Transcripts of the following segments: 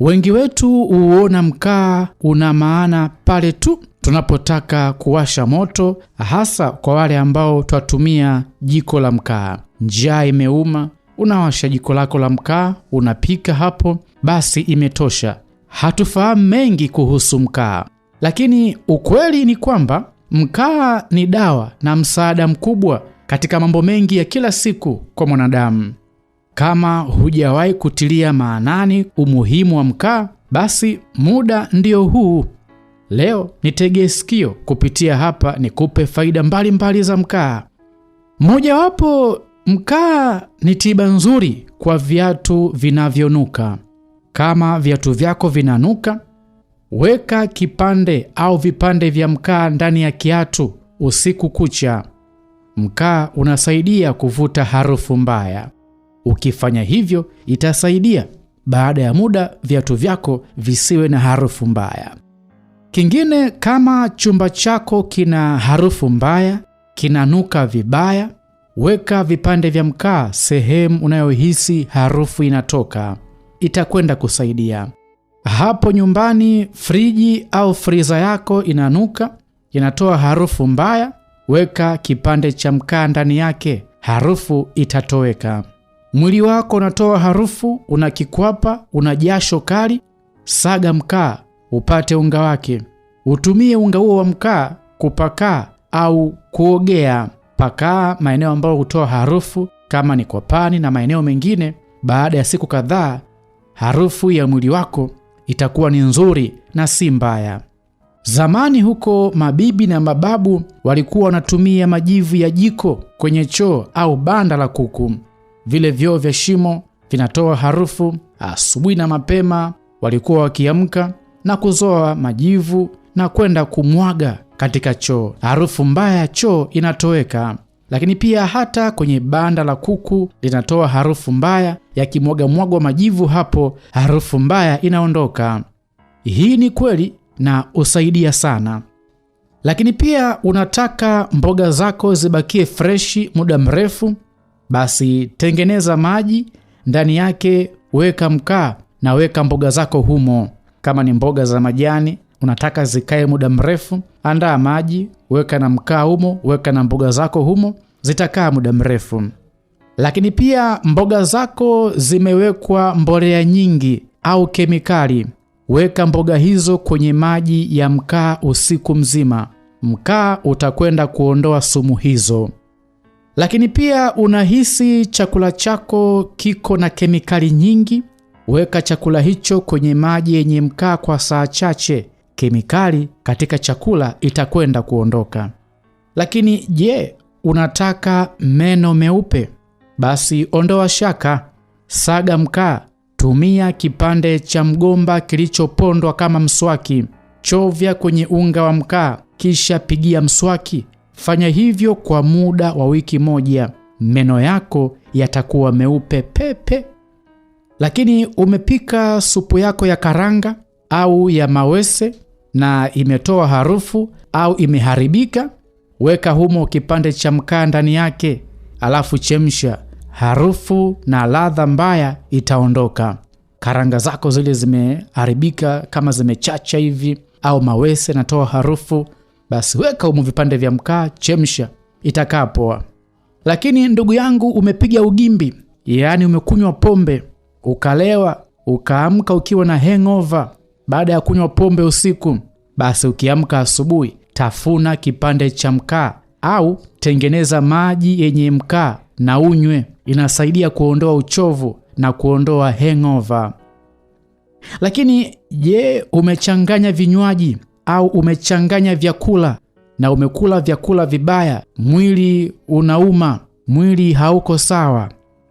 Wengi wetu huona mkaa una maana pale tu tunapotaka kuwasha moto, hasa kwa wale ambao twatumia jiko la mkaa. Njaa imeuma, unawasha jiko lako la mkaa, unapika hapo, basi imetosha. Hatufahamu mengi kuhusu mkaa, lakini ukweli ni kwamba mkaa ni dawa na msaada mkubwa katika mambo mengi ya kila siku kwa mwanadamu. Kama hujawahi kutilia maanani umuhimu wa mkaa, basi muda ndio huu. Leo nitegee sikio kupitia hapa nikupe faida mbalimbali za mkaa. Mojawapo, mkaa ni tiba nzuri kwa viatu vinavyonuka. Kama viatu vyako vinanuka, weka kipande au vipande vya mkaa ndani ya kiatu usiku kucha. Mkaa unasaidia kuvuta harufu mbaya. Ukifanya hivyo itasaidia baada ya muda viatu vyako visiwe na harufu mbaya. Kingine, kama chumba chako kina harufu mbaya, kinanuka vibaya, weka vipande vya mkaa sehemu unayohisi harufu inatoka, itakwenda kusaidia hapo nyumbani. Friji au friza yako inanuka, inatoa harufu mbaya, weka kipande cha mkaa ndani yake, harufu itatoweka. Mwili wako unatoa harufu, una kikwapa, una jasho kali. Saga mkaa upate unga wake, utumie unga huo wa mkaa kupakaa au kuogea. Pakaa maeneo ambayo hutoa harufu kama ni kwapani na maeneo mengine. Baada ya siku kadhaa, harufu ya mwili wako itakuwa ni nzuri na si mbaya. Zamani huko mabibi na mababu walikuwa wanatumia majivu ya jiko kwenye choo au banda la kuku vile vyoo vya shimo vinatoa harufu. Asubuhi na mapema walikuwa wakiamka na kuzoa majivu na kwenda kumwaga katika choo. Harufu mbaya ya choo inatoweka. Lakini pia hata kwenye banda la kuku linatoa harufu mbaya, yakimwagamwagwa majivu hapo, harufu mbaya inaondoka. Hii ni kweli na husaidia sana. Lakini pia unataka mboga zako zibakie freshi muda mrefu, basi tengeneza maji ndani yake, weka mkaa na weka mboga zako humo. Kama ni mboga za majani unataka zikae muda mrefu, andaa maji, weka na mkaa humo, weka na mboga zako humo, zitakaa muda mrefu. Lakini pia mboga zako zimewekwa mbolea nyingi au kemikali, weka mboga hizo kwenye maji ya mkaa usiku mzima. Mkaa utakwenda kuondoa sumu hizo. Lakini pia unahisi chakula chako kiko na kemikali nyingi? Weka chakula hicho kwenye maji yenye mkaa kwa saa chache. Kemikali katika chakula itakwenda kuondoka. Lakini je, unataka meno meupe? Basi ondoa shaka, saga mkaa, tumia kipande cha mgomba kilichopondwa kama mswaki, chovya kwenye unga wa mkaa, kisha pigia mswaki Fanya hivyo kwa muda wa wiki moja, meno yako yatakuwa meupe pepe. Lakini umepika supu yako ya karanga au ya mawese na imetoa harufu au imeharibika, weka humo kipande cha mkaa ndani yake, alafu chemsha. Harufu na ladha mbaya itaondoka. Karanga zako zile zimeharibika, kama zimechacha hivi, au mawese natoa harufu basi weka umu vipande vya mkaa, chemsha, itakaa poa. Lakini ndugu yangu, umepiga ugimbi, yaani umekunywa pombe ukalewa, ukaamka ukiwa na hangover baada ya kunywa pombe usiku, basi ukiamka asubuhi, tafuna kipande cha mkaa au tengeneza maji yenye mkaa na unywe, inasaidia kuondoa uchovu na kuondoa hangover. Lakini je, umechanganya vinywaji au umechanganya vyakula na umekula vyakula vibaya, mwili unauma, mwili hauko sawa,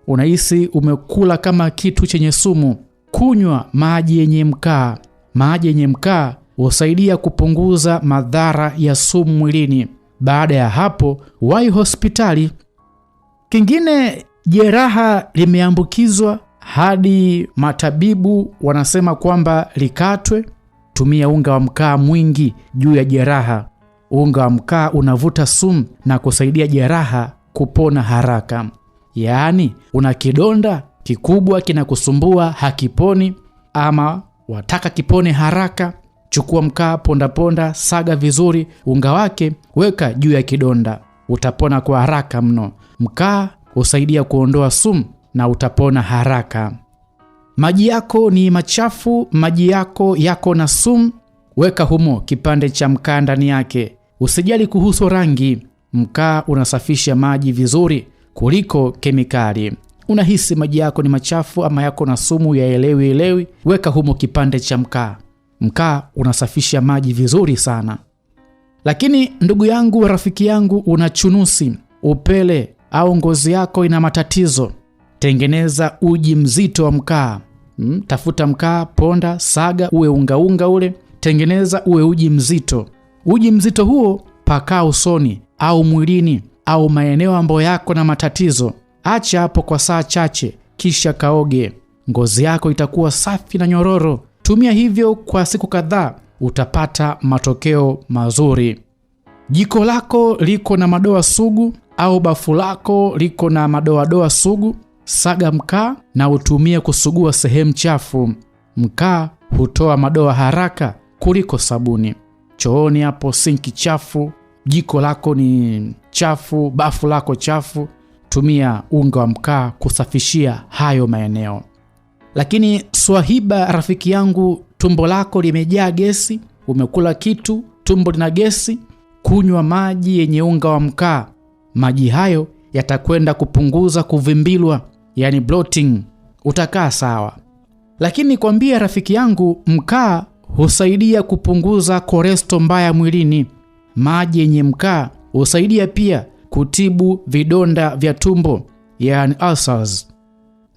unahisi umekula kama kitu chenye sumu. Kunywa maji yenye mkaa. Maji yenye mkaa husaidia kupunguza madhara ya sumu mwilini. Baada ya hapo, wahi hospitali. Kingine, jeraha limeambukizwa hadi matabibu wanasema kwamba likatwe Tumia unga wa mkaa mwingi juu ya jeraha. Unga wa mkaa unavuta sumu na kusaidia jeraha kupona haraka. Yaani, una kidonda kikubwa kinakusumbua, hakiponi ama wataka kipone haraka, chukua mkaa, pondaponda, saga vizuri, unga wake weka juu ya kidonda, utapona kwa haraka mno. Mkaa husaidia kuondoa sumu na utapona haraka maji yako ni machafu, maji yako yako na sumu, weka humo kipande cha mkaa ndani yake. Usijali kuhusu rangi, mkaa unasafisha maji vizuri kuliko kemikali. Unahisi maji yako ni machafu ama yako na sumu, yaelewi elewi, weka humo kipande cha mkaa. Mkaa unasafisha maji vizuri sana. Lakini ndugu yangu, rafiki yangu, una chunusi, upele au ngozi yako ina matatizo, tengeneza uji mzito wa mkaa, mm, tafuta mkaa, ponda, saga uwe ungaunga unga ule, tengeneza uwe uji mzito. Uji mzito huo pakaa usoni au mwilini au maeneo ambayo yako na matatizo. Acha hapo kwa saa chache, kisha kaoge. Ngozi yako itakuwa safi na nyororo. Tumia hivyo kwa siku kadhaa, utapata matokeo mazuri. Jiko lako liko na madoa sugu au bafu lako liko na madoadoa sugu, saga mkaa na utumie kusugua sehemu chafu. Mkaa hutoa madoa haraka kuliko sabuni. Chooni hapo, sinki chafu, jiko lako ni chafu, bafu lako chafu, tumia unga wa mkaa kusafishia hayo maeneo. Lakini swahiba, rafiki yangu, tumbo lako limejaa gesi, umekula kitu, tumbo lina gesi, kunywa maji yenye unga wa mkaa. Maji hayo yatakwenda kupunguza kuvimbilwa yani bloating utakaa sawa. Lakini nikwambie rafiki yangu, mkaa husaidia kupunguza koresto mbaya mwilini. Maji yenye mkaa husaidia pia kutibu vidonda vya tumbo, yani ulcers.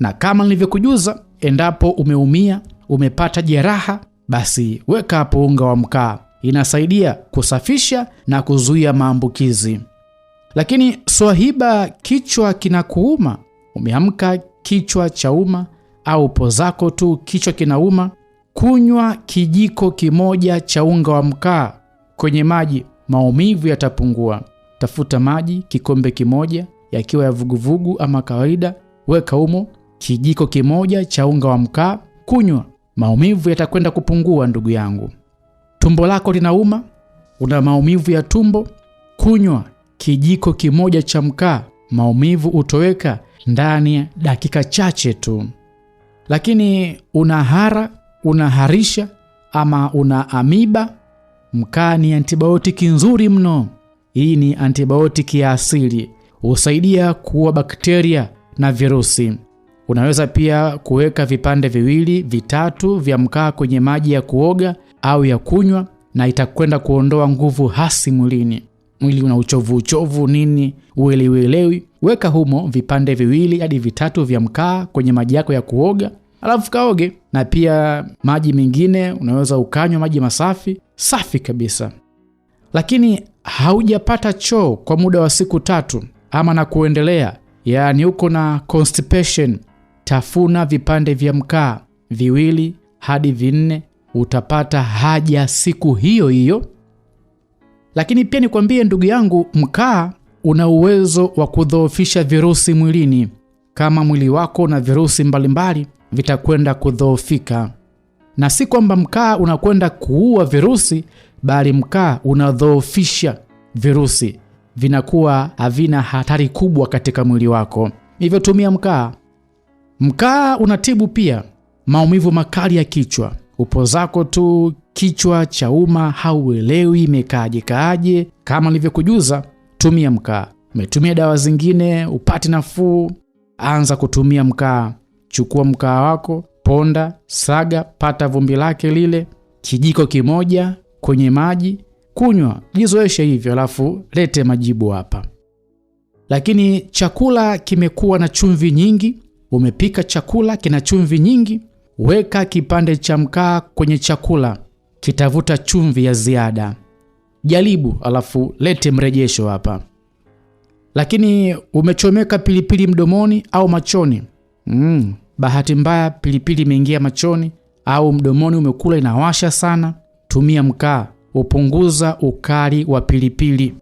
Na kama nilivyokujuza, endapo umeumia, umepata jeraha, basi weka hapo unga wa mkaa, inasaidia kusafisha na kuzuia maambukizi. Lakini swahiba, kichwa kinakuuma Umeamka kichwa cha uma au po zako tu kichwa kinauma? Kunywa kijiko kimoja cha unga wa mkaa kwenye maji, maumivu yatapungua. Tafuta maji kikombe kimoja, yakiwa ya vuguvugu ama kawaida, weka humo kijiko kimoja cha unga wa mkaa, kunywa, maumivu yatakwenda kupungua. Ndugu yangu, tumbo lako linauma, una maumivu ya tumbo, kunywa kijiko kimoja cha mkaa, maumivu utoweka ndani ya dakika chache tu. Lakini unahara, unaharisha ama una amiba, mkaa ni antibiotiki nzuri mno. Hii ni antibiotiki ya asili, husaidia kuua bakteria na virusi. Unaweza pia kuweka vipande viwili vitatu vya mkaa kwenye maji ya kuoga au ya kunywa, na itakwenda kuondoa nguvu hasi mwilini mwili una uchovu uchovu nini, uelewielewi. Weka humo vipande viwili hadi vitatu vya mkaa kwenye maji yako ya kuoga, alafu kaoge. Na pia maji mengine unaweza ukanywa maji masafi safi kabisa. Lakini haujapata choo kwa muda wa siku tatu ama na kuendelea, yaani huko na constipation, tafuna vipande vya mkaa viwili hadi vinne, utapata haja siku hiyo hiyo lakini pia nikwambie ndugu yangu, mkaa una uwezo wa kudhoofisha virusi mwilini. Kama mwili wako na virusi mbalimbali vitakwenda kudhoofika, na si kwamba mkaa unakwenda kuua virusi, bali mkaa unadhoofisha virusi, vinakuwa havina hatari kubwa katika mwili wako. hivyotumia mkaa. Mkaa unatibu pia maumivu makali ya kichwa upo zako tu, kichwa cha umma, hauelewi imekaaje kaaje. Kama nilivyokujuza, tumia mkaa. Umetumia dawa zingine upate nafuu, anza kutumia mkaa. Chukua mkaa wako, ponda, saga, pata vumbi lake lile, kijiko kimoja kwenye maji, kunywa, jizoeshe hivyo, alafu lete majibu hapa. Lakini chakula kimekuwa na chumvi nyingi, umepika chakula kina chumvi nyingi Weka kipande cha mkaa kwenye chakula, kitavuta chumvi ya ziada. Jaribu alafu lete mrejesho hapa. Lakini umechomeka pilipili mdomoni au machoni? Mm, bahati mbaya pilipili imeingia machoni au mdomoni, umekula inawasha sana. Tumia mkaa, upunguza ukali wa pilipili.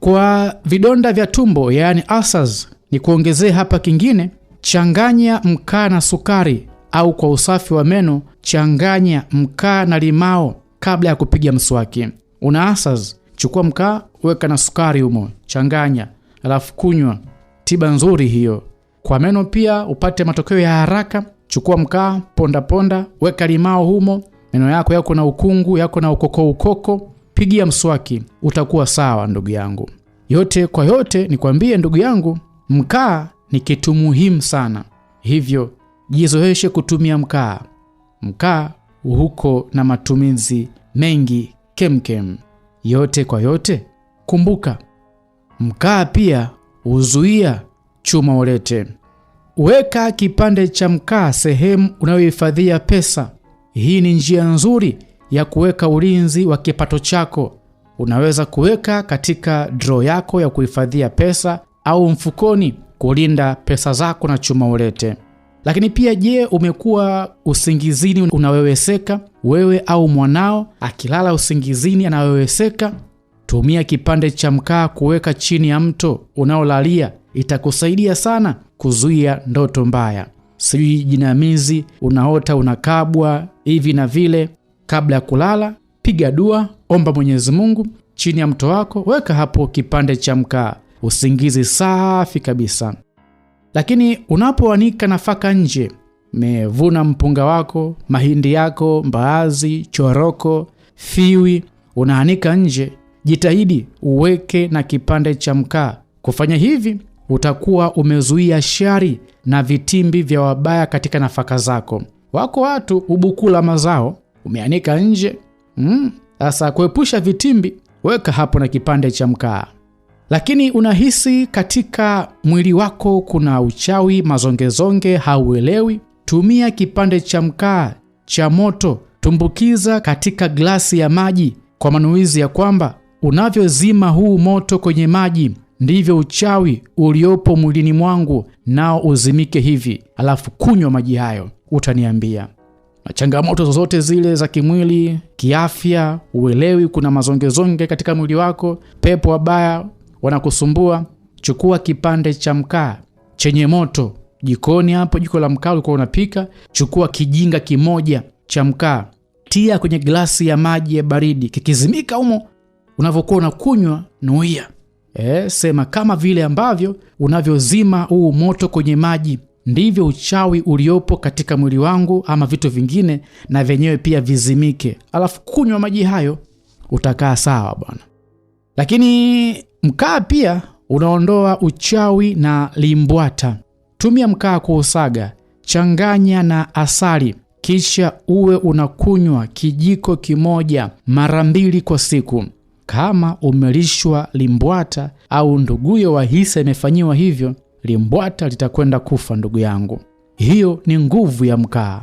Kwa vidonda vya tumbo, yaani ulcers, ni kuongezee hapa kingine. Changanya mkaa na sukari au kwa usafi wa meno, changanya mkaa na limao kabla ya kupiga mswaki. Una asas, chukua mkaa, weka na sukari humo, changanya, alafu kunywa. Tiba nzuri hiyo kwa meno. Pia upate matokeo ya haraka, chukua mkaa, ponda ponda, weka limao humo. Meno yako yako na ukungu, yako na ukoko ukoko, pigia mswaki, utakuwa sawa ndugu yangu. Yote kwa yote, nikwambie ndugu yangu, mkaa ni kitu muhimu sana, hivyo Jizoeshe kutumia mkaa. Mkaa huko na matumizi mengi kemkem. Yote kwa yote, kumbuka mkaa pia huzuia chuma ulete. Weka kipande cha mkaa sehemu unayohifadhia pesa. Hii ni njia nzuri ya kuweka ulinzi wa kipato chako. Unaweza kuweka katika dro yako ya kuhifadhia pesa au mfukoni kulinda pesa zako na chuma ulete. Lakini pia je, umekuwa usingizini unaweweseka? Wewe au mwanao akilala usingizini anaweweseka? Tumia kipande cha mkaa kuweka chini ya mto unaolalia, itakusaidia sana kuzuia ndoto mbaya. Sijui jinamizi unaota unakabwa hivi na vile. Kabla ya kulala, piga dua, omba Mwenyezi Mungu. Chini ya mto wako weka hapo kipande cha mkaa, usingizi safi kabisa. Lakini unapoanika nafaka nje, umevuna mpunga wako, mahindi yako, mbaazi, choroko, fiwi, unaanika nje, jitahidi uweke na kipande cha mkaa. Kufanya hivi utakuwa umezuia shari na vitimbi vya wabaya katika nafaka zako. Wako watu hubukula mazao, umeanika nje mm, sasa. Mm, kuepusha vitimbi, weka hapo na kipande cha mkaa. Lakini unahisi katika mwili wako kuna uchawi, mazongezonge, hauelewi? Tumia kipande cha mkaa cha moto, tumbukiza katika glasi ya maji kwa manuizi ya kwamba unavyozima huu moto kwenye maji ndivyo uchawi uliopo mwilini mwangu nao uzimike hivi. Alafu kunywa maji hayo, utaniambia na changamoto zozote zile za kimwili, kiafya, uelewi, kuna mazongezonge katika mwili wako, pepo wabaya, wanakusumbua, chukua kipande cha mkaa chenye moto jikoni hapo, jiko la mkaa ulikuwa unapika, chukua kijinga kimoja cha mkaa, tia kwenye glasi ya maji ya baridi, kikizimika humo, unavyokuwa unakunywa nuia. E, sema kama vile ambavyo unavyozima huu moto kwenye maji, ndivyo uchawi uliopo katika mwili wangu ama vitu vingine na vyenyewe pia vizimike, alafu kunywa maji hayo, utakaa sawa bwana. Lakini mkaa pia unaondoa uchawi na limbwata. Tumia mkaa kuusaga, changanya na asali, kisha uwe unakunywa kijiko kimoja mara mbili kwa siku. Kama umelishwa limbwata au nduguyo wa hisa imefanyiwa hivyo, limbwata litakwenda kufa, ndugu yangu. Hiyo ni nguvu ya mkaa.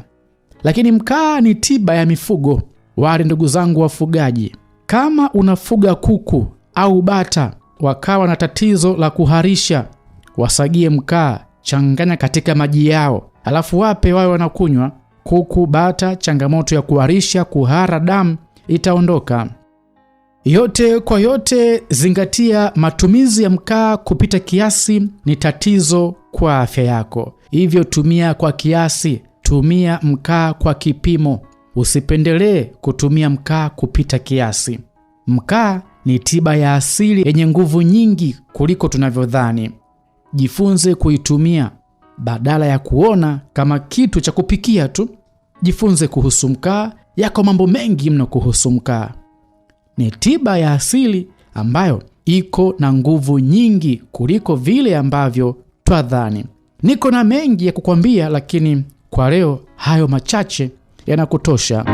Lakini mkaa ni tiba ya mifugo. Wale ndugu zangu wafugaji, kama unafuga kuku au bata, wakawa na tatizo la kuharisha, wasagie mkaa, changanya katika maji yao, alafu wape wawe wanakunywa. Kuku, bata, changamoto ya kuharisha, kuhara damu itaondoka. Yote kwa yote, zingatia matumizi ya mkaa kupita kiasi ni tatizo kwa afya yako, hivyo tumia kwa kiasi. Tumia mkaa kwa kipimo, usipendelee kutumia mkaa kupita kiasi. Mkaa ni tiba ya asili yenye nguvu nyingi kuliko tunavyodhani. Jifunze kuitumia badala ya kuona kama kitu cha kupikia tu. Jifunze kuhusu mkaa. Yako mambo mengi mno kuhusu mkaa. Ni tiba ya asili ambayo iko na nguvu nyingi kuliko vile ambavyo twadhani. Niko na mengi ya kukwambia, lakini kwa leo hayo machache yanakutosha.